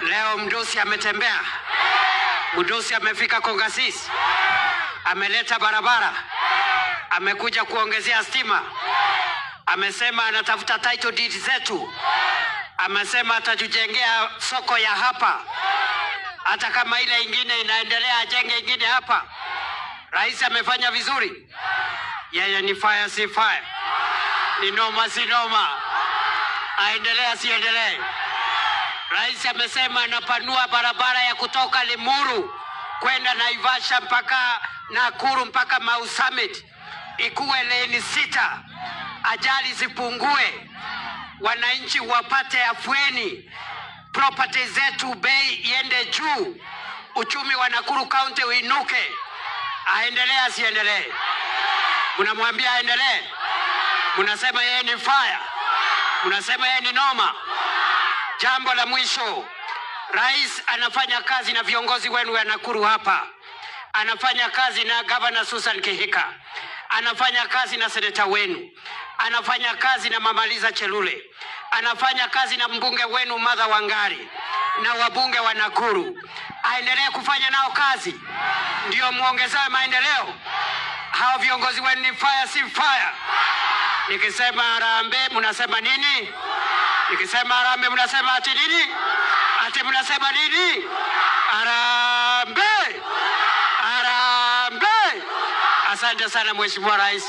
Leo mdosi ametembea, mdosi amefika Kongasis, ameleta barabara, amekuja kuongezea stima, amesema anatafuta title deed zetu, amesema atatujengea soko ya hapa, hata kama ile ingine inaendelea ajenge ingine hapa. Rais amefanya vizuri, yeye ni fire, si fire, ni noma, si noma, aendelea siendelee Rais amesema anapanua barabara ya kutoka Limuru kwenda Naivasha mpaka Nakuru mpaka Mau Summit ikuwe leni sita, ajali zipungue, wananchi wapate afueni, property zetu bei iende juu, uchumi wa Nakuru County uinuke. Aendelee asiendelee? unamwambia aendelee, unasema yeye ni fire, unasema yeye ni noma. Jambo la mwisho, rais anafanya kazi na viongozi wenu wa Nakuru hapa, anafanya kazi na gavana Susan Kihika, anafanya kazi na seneta wenu, anafanya kazi na mamaliza Chelule, anafanya kazi na mbunge wenu Madha Wangari na wabunge wa Nakuru. Aendelee kufanya nao kazi, ndio muongezawe maendeleo. Hao viongozi wenu ni fire, si fire. Nikisema harambee, mnasema nini? Nikisema arambe mnasema ati nini? Ati mnasema nini? Arambe! Arambe! Asante sana Mheshimiwa Rais.